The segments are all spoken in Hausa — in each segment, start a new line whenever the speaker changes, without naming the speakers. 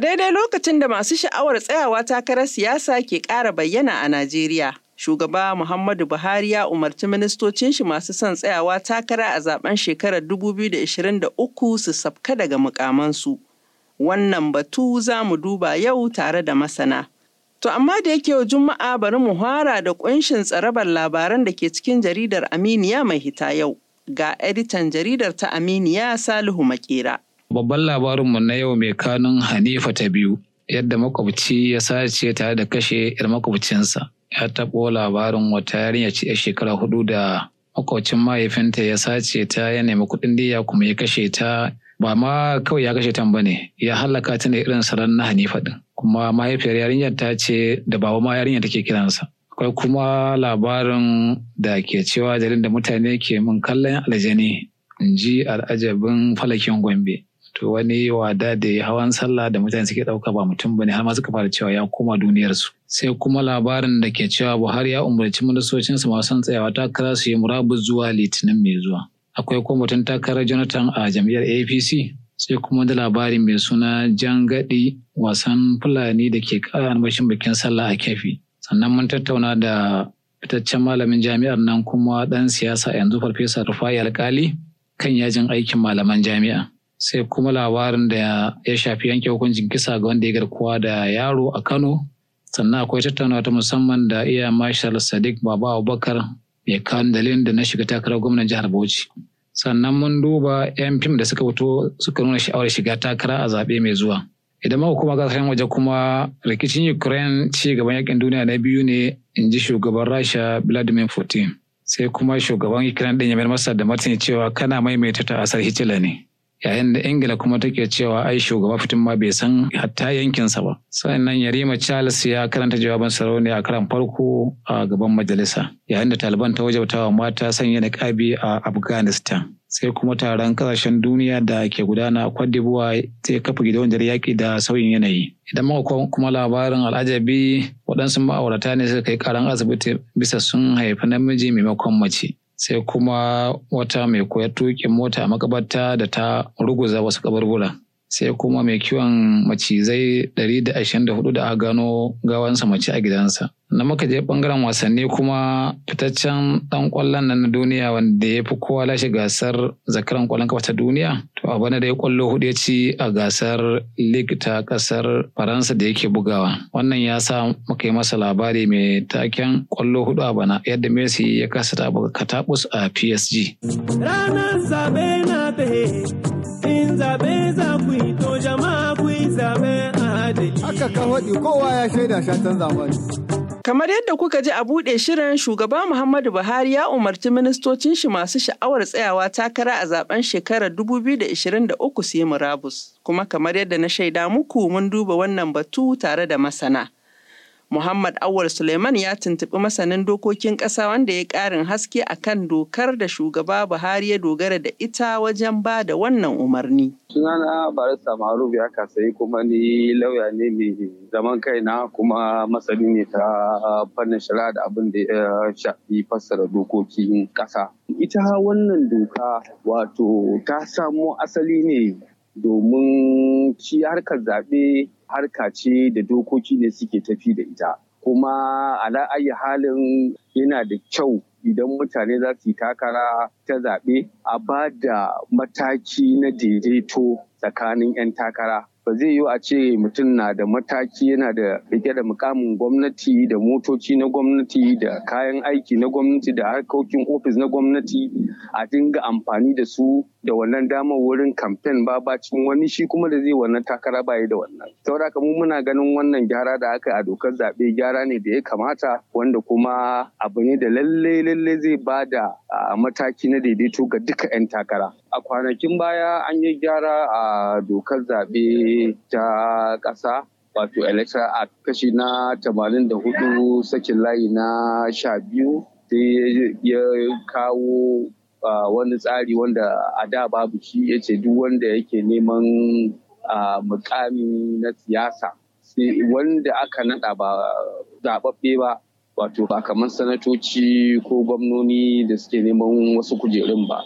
A daidai lokacin da masu sha'awar tsayawa takarar siyasa ke ƙara bayyana a Najeriya, Shugaba Muhammadu Buhari ya umarci ministocin shi masu son tsayawa takara a zaben shekarar 2023 su sabka daga mukamansu. Wannan batu za mu duba yau tare da masana. To amma da yake yau Juma'a bari mu hara da kunshin tsarabar labaran da ke cikin jaridar Aminiya mai hita yau. Ga editan jaridar ta Aminiya Salihu Makera.
Babban labarinmu na yau mai kanun Hanifa ta biyu, yadda makwabci ya sace tare da kashe 'yar makwabcinsa. Ya taɓo labarin wata yarinya ce 'yar shekara hudu da makwabcin mahaifinta ya sace ta ya nemi kuɗin diya kuma ya kashe ta ba ma kawai ya kashe ta ba ne ya halaka ta ne irin salon na Hanifa ɗin. Kuma mahaifiyar yarinya ta ce da ba ma yarinyar take kiransa. Akwai kuma labarin da ke cewa jarin da mutane ke min kallon aljani in ji al'ajabin falakin Gombe. to wani wada da ya hawan sallah da mutane suke ɗauka ba mutum bane har ma suka fara cewa ya koma duniyarsu sai kuma labarin da ke cewa buhari ya umarci ministocinsu masu son tsayawa takara su yi murabus zuwa litinin mai zuwa akwai kuma mutum takarar jonathan a jam'iyyar apc sai kuma da labari mai suna Jangadi wasan fulani da ke ƙara almashin bikin sallah a kefi sannan mun tattauna da fitaccen malamin jami'ar nan kuma ɗan siyasa yanzu farfesa rufai alkali kan yajin aikin malaman jami'a sai kuma labarin da ya shafi yanke hukuncin kisa ga wanda ya garkuwa da yaro a Kano sannan akwai tattaunawa ta musamman da iya Marshal Sadiq Baba Abubakar mai kan da na shiga takarar gwamnan jihar Bauchi sannan mun duba yan fim da suka fito suka nuna sha'awar shiga takara a zaɓe mai zuwa idan ma kuma kasashen waje kuma rikicin Ukraine ci gaban yakin duniya na biyu ne in ji shugaban Rasha Vladimir Putin sai kuma shugaban Ukraine ɗin ya mai masa da martani cewa kana maimaita ta asar Hitler ne yayin da ingila kuma take cewa ai shugaba fitin ma bai san hatta yankinsa ba sannan yarima charles ya karanta jawaban sarauniya a karan farko a gaban majalisa yayin da taliban ta wajabtawa mata sanya niqabi a afghanistan sai kuma taron kasashen duniya da ke gudana a Cote zai kafa gidauniyar yaƙi da sauyin yanayi. Idan muka kuma labarin al'ajabi waɗansu ma'aurata ne suka kai karan asibiti bisa sun haifi namiji maimakon mace. sai kuma wata mai koya tuƙin mota a makabarta da ta ruguza wasu kaburbura. sai kuma mai kiwon macizai 124 da aka gano gawansa mace a gidansa. Na muka je bangaren wasanni kuma fitaccen ɗan ƙwallon nan na duniya wanda ya fi kowa lashe gasar zakaran ƙwallon kafa ta duniya. To a bana da ya kwallo hudu ya ci a gasar league ta kasar Faransa da yake bugawa. Wannan ya sa muka yi masa labari mai taken ƙwallo hudu a bana yadda Messi ya kasa katabus a PSG.
Ranar zabe na
zaɓe za ku yi to jama'a ku yi zaɓe adali. Haka
kan kowa ya shaida shatan zamani. Kamar yadda kuka ji a buɗe shirin shugaba Muhammadu Buhari ya umarci ministocin shi masu sha'awar tsayawa takara a zaben shekarar 2023 su yi murabus. Kuma kamar yadda na shaida muku mun duba wannan batu tare da masana. Muhammad Awal Suleiman ya tuntuɓi masanin dokokin ƙasa wanda ya ƙarin haske akan dokar da shugaba Buhari ya dogara da ita wajen ba da wannan
umarni. Sunana Barista Maruf ya kasayi kuma ni lauya ne mai zaman kaina kuma masani ne ta fannin shari'a da abin da ya shafi fassara dokokin ƙasa. Ita wannan doka wato ta samo asali ne domin shi harkar zaɓe harka ce da dokoki ne suke tafi da ita kuma ala'ayi halin yana da kyau idan mutane za su yi takara ta zaɓe a ba da mataki na daidaito tsakanin 'yan takara ba zai yiwu a ce mutum na da mataki yana da rike da mukamin gwamnati da motoci na gwamnati da kayan aiki na gwamnati da harkokin ofis na gwamnati a dinga amfani da su da wannan damar wurin kamfen ba bacin wani shi kuma da zai wannan takara baya da wannan saboda haka mu muna ganin wannan gyara da aka a dokar zaɓe gyara ne da ya kamata wanda kuma abu ne da lalle lalle zai ba da mataki na daidaito ga duka 'yan takara a kwanakin baya an yi gyara a dokar zaɓe ta ƙasa wato electoral a kashi na tamanin da hudu, sakin layi na sha biyu sai ya kawo wani tsari wanda a da babu shi ya ce duk wanda yake neman mukami na siyasa sai wanda aka naɗa ba zaɓaɓɓe ba wato ba kamar sanatoci ko gwamnoni da suke neman wasu kujerun ba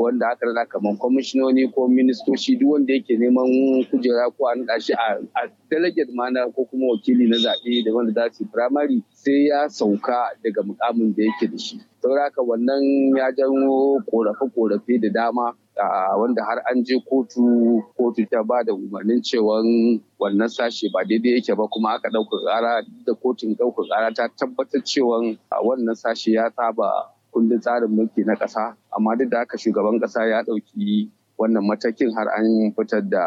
wanda aka rada kamar kwamishinoni ko ministoci duk wanda yake neman kujera ko an shi a delegate mana ko kuma wakili na zaɓe da wanda za su firamare sai ya sauka daga mukamin da yake da shi. Sauraka wannan ya janyo korafe-korafe da dama a wanda har an je kotu kotu ta ba da umarnin cewa wannan sashe ba daidai yake ba kuma aka ɗauka ƙara da kotun ɗauka ƙara ta tabbatar cewa wannan sashe ya saba kundin tsarin mulki na ƙasa amma duk da haka shugaban ƙasa ya ɗauki wannan matakin har an fitar da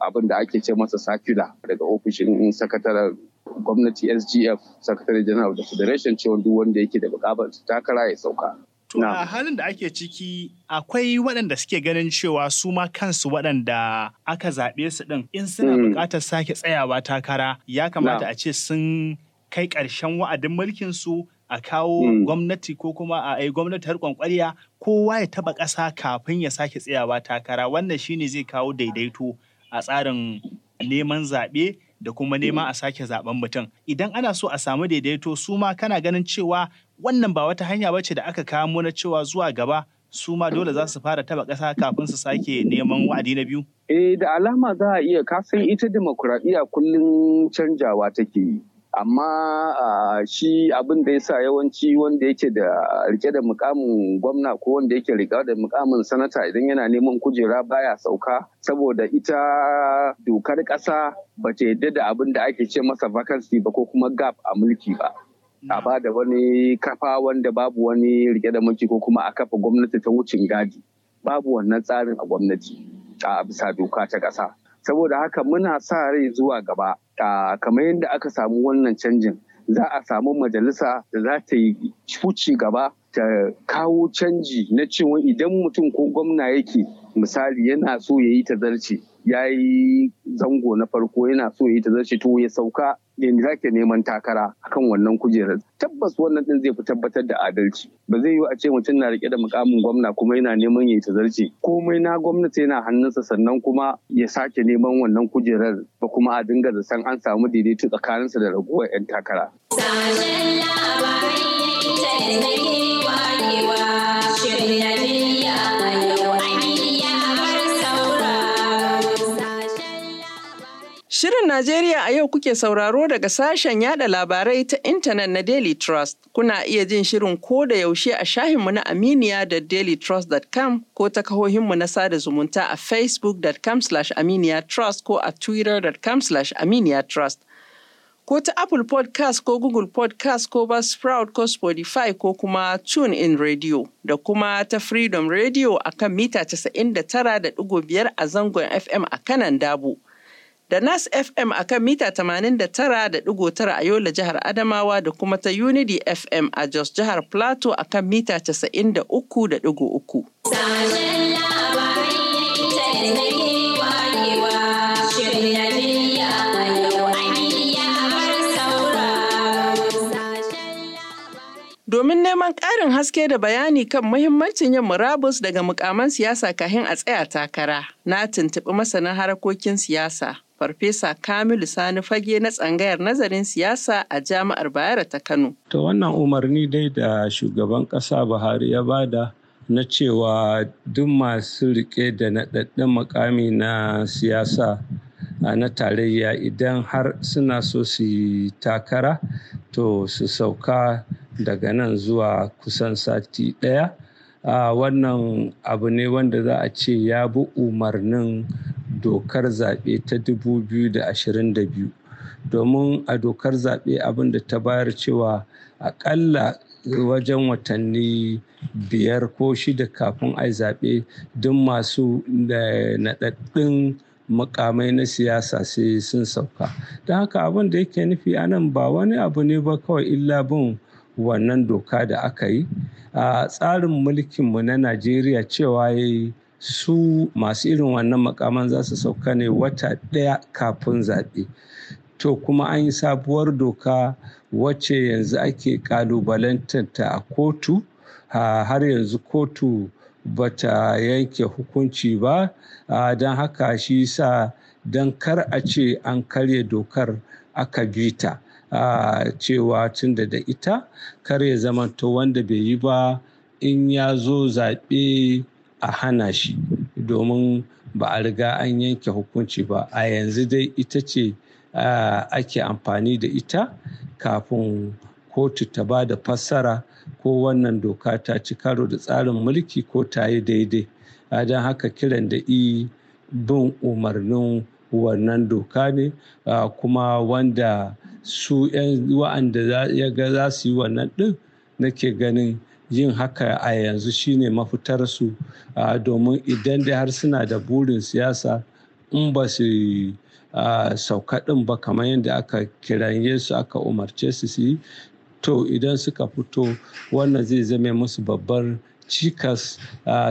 abin da ake ce masa sakula daga ofishin sakataren gwamnati sgf sakatare general da federation cewa duk wanda yake da bukatar takara ya sauka To a halin da ake ciki akwai waɗanda suke ganin cewa su ma kansu waɗanda aka zaɓe su ɗin in suna hmm. buƙatar sake tsayawa takara ya kamata a ce sun kai ƙarshen wa'adin mulkin su a kawo hmm. gwamnati ko kuma a yi gwamnati har kwankwariya kowa ya taba ƙasa kafin ya sake tsayawa takara wannan shine zai kawo daidaito a tsarin neman zaɓe da kuma hmm. nema a sake zaben mutum idan ana so a samu daidaito su ma kana ganin cewa wannan ba wata hanya bace da aka kawo na cewa zuwa gaba su ma dole za su fara taba ƙasa kafin su sake neman wa'adi na biyu? Eh da alama za a iya kasan ita demokuraɗiyya kullum canjawa take yi. amma shi abin da ya sa yawanci wanda yake da rike da mukamin gwamna ko wanda yake rike da mukamin sanata idan yana neman kujera baya sauka saboda ita dokar ƙasa ba ta yadda da abin da ake ce masa vacancy ba ko kuma gap a mulki ba a ba da wani kafa wanda babu wani rike da mulki ko kuma a kafa gwamnati ta wucin gadi babu wannan tsarin a gwamnati a bisa doka ta ƙasa saboda haka muna sa rai zuwa gaba kamar yadda aka samu wannan canjin za a samu majalisa da za ta yi fuci gaba ta kawo canji na cewa idan mutum ko gwamna yake misali yana so ya yi tazarci ya yi zango na farko yana so ya yi tazarci to ya sauka yanzu zake neman takara akan wannan kujerar tabbas wannan din zai fi tabbatar da adalci ba zai yi a ce mutum na rike da mukamin gwamna kuma yana neman ya yi tazarci komai na gwamnati yana hannunsa sannan kuma ya sake neman wannan kujerar ba kuma a dinga da san an samu daidaito tsakaninsa da raguwar 'yan takara.
Sashen labarai Shirin Najeriya a yau kuke sauraro daga sashen yada labarai ta intanet na Daily Trust. Kuna iya jin shirin ko da yaushe a shahinmu na Aminiya da dailytrust.com ko ta kahohinmu na sada zumunta a facebook.com aminiya trust ko a twitter.com aminiya trust. Ko ta Apple podcast ko Google podcast ko Buzzsprout ko Spotify ko kuma Tune in Radio da kuma ta Freedom Radio a kan mita 99.5 a zangon FM a kanan Dabo. da Nas FM a kan mita 89.9 a Yola jihar Adamawa da kuma ta Unity FM a Jos jihar Plateau a kan mita 93.3. Domin neman ƙarin haske da bayani kan muhimmancin yin murabus daga mukaman siyasa kahin a tsaya takara, na tuntuɓi masanin harkokin siyasa Farfesa Kamilu Sani Fage na tsangayar nazarin siyasa a Jami'ar Bayero ta Kano.
To wannan umarni dai da shugaban ƙasa Buhari ya bada na cewa duk masu riƙe da naɗaɗɗen mukami na siyasa na tarayya idan har suna so su yi takara to su sauka daga nan zuwa kusan sati ɗaya. wannan abu ne wanda za a ce ya bi umarnin dokar zaɓe ta 2022 domin a dokar zaɓe abin ta bayar cewa aƙalla wajen watanni biyar ko shida kafin a zaɓe duk masu eh, naɗaɗɗin mukamai na siyasa sai sun sauka don haka abin da yake nufi anan ba wani abu ne ba kawai illa bin wannan doka da aka yi a tsarin mulkinmu na najeriya cewa ya yi su masu irin wannan makaman za su sauka ne wata ɗaya kafin zaɓe to kuma an yi sabuwar doka wacce yanzu ake ta a kotu har yanzu kotu bata yanke hukunci ba don haka shi sa don kar a ce an karya dokar aka bi ta cewa tun da ita kar ya zamanto wanda bai yi ba in ya zo zaɓe a hana shi domin ba a riga an yanke hukunci ba a yanzu dai ita ce ake amfani da ita kafin kotu ta ba da fassara ko wannan doka ta ci karo da tsarin mulki ko ta yi daidai don haka kiran da i bin umarnin wannan doka ne kuma wanda su 'yan wa'anda ya ga za su yi wannan ɗin nake ganin yin haka a yanzu shine mafitar su domin idan da har suna da burin siyasa in ba su sauka din ba kamar yadda aka kiranye su aka umarce su su yi to idan suka fito wannan zai zame musu babbar cikas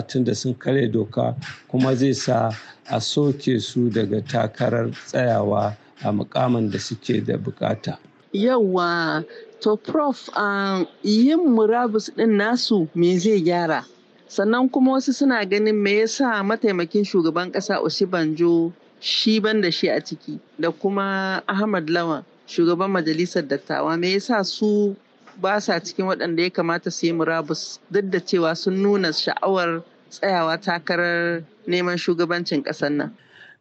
tunda sun kare doka kuma zai sa a soke su daga takarar tsayawa a mukamin da suke da bukata.
Yawwa To Prof, um, yin murabus din nasu me zai gyara? Sannan kuma wasu suna ganin me yasa mataimakin shugaban ƙasa Osibanjo shi ban da shi a ciki da kuma Ahmad Lawan shugaban majalisar dattawa me yasa su ba sa cikin waɗanda ya kamata su yi murabus duk da cewa sun nuna sha'awar tsayawa takarar neman shugabancin ƙasar nan.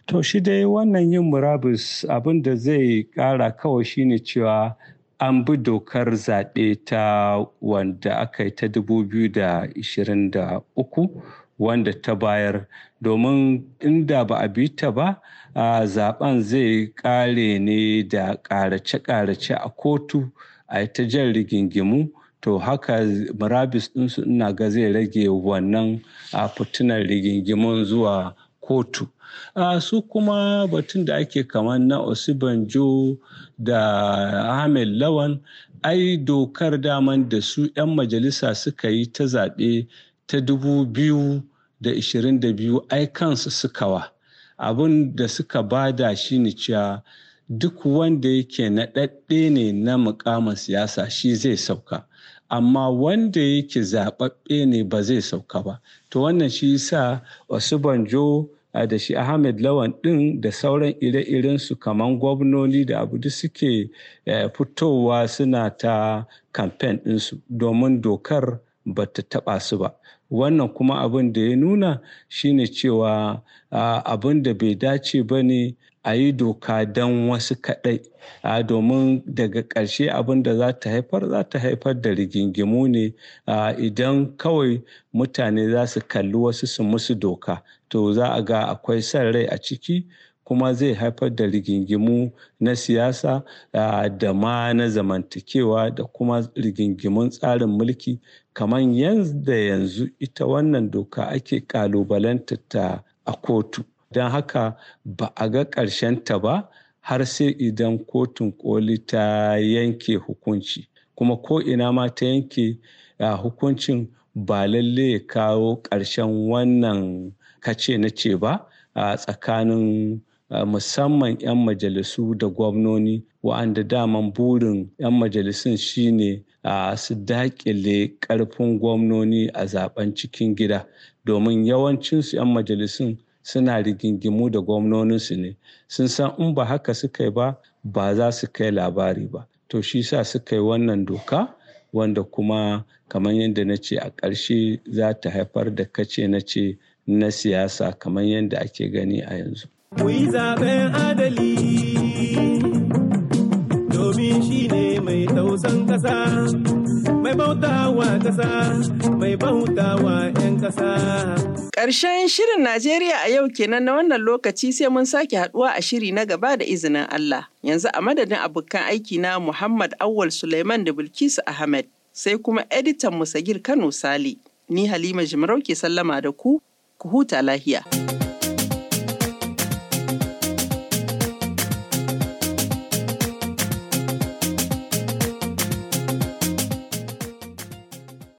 To shi dai wannan yin murabus abin da zai ƙara kawai shine cewa an bi dokar zaɓe ta wanda aka yi ta 2023 wanda ta bayar domin inda ba a bi ta ba zaben zai kare ne da ƙarace karace a kotu a yi ta jan rigingimu to haka murabis ɗinsu ina ga zai rage wannan a fitinar rigingimun zuwa kotu su kuma batun da ake kamar na osibanjo da ahmed lawan ai dokar daman da su 'yan majalisa suka yi ta zaɓe ta 2022 ai kansu suka wa abin da suka bada shi ne cewa duk wanda yake naɗaɗɗe ne na mukamin siyasa shi zai sauka amma wanda yake zaɓaɓɓe ne ba zai sauka ba to wannan shi sa osibanjo da shi Ahmed Lawan ɗin da sauran ire-iren su kaman gwamnoni da abu duk suke eh, fitowa suna ta kamfen ɗinsu domin dokar ba ta taɓa su ba. wannan kuma abin da ya nuna shine cewa abin da bai dace ba ne a yi doka don wasu kaɗai domin daga ƙarshe abin da za ta haifar za ta haifar da rigingimu ne idan kawai mutane za su kalli wasu su musu doka to za a ga akwai son rai a ciki kuma zai haifar da rigingimu na siyasa da ma na zamantakewa da kuma rigingimun tsarin mulki kamar yadda yanzu ita wannan doka ake ta a kotu don haka ba a ga ta ba har sai idan kotun koli ta yanke hukunci kuma ko ina ma ta yanke hukuncin ba lalle ya kawo ƙarshen wannan kace na ce ba a tsakanin musamman 'yan majalisu da gwamnoni wa'anda daman burin 'yan majalisun shine su dakile karfin gwamnoni a zaben cikin gida domin yawancinsu 'yan majalisun suna rigingimu da gwamnoninsu ne sun san in ba haka suka yi ba ba za su kai labari ba to shi sa suka yi wannan doka wanda kuma kamar yadda na ce a ƙarshe za ta haifar da kace na ce na siyasa kamar yadda ake gani a yanzu.
Kuyi adali kasa mai bautawa kasa mai bautawa 'yan kasa
Ƙarshen shirin Najeriya a yau kenan na wannan lokaci sai mun sake haduwa a shiri na gaba da izinin Allah. Yanzu a madadin abokan aiki na Muhammad Awwal Suleiman da Bilkisu Ahmed sai kuma editan Musagir Kano Sali. Ni Halima Jimarau ke sallama da ku, ku huta lahiya.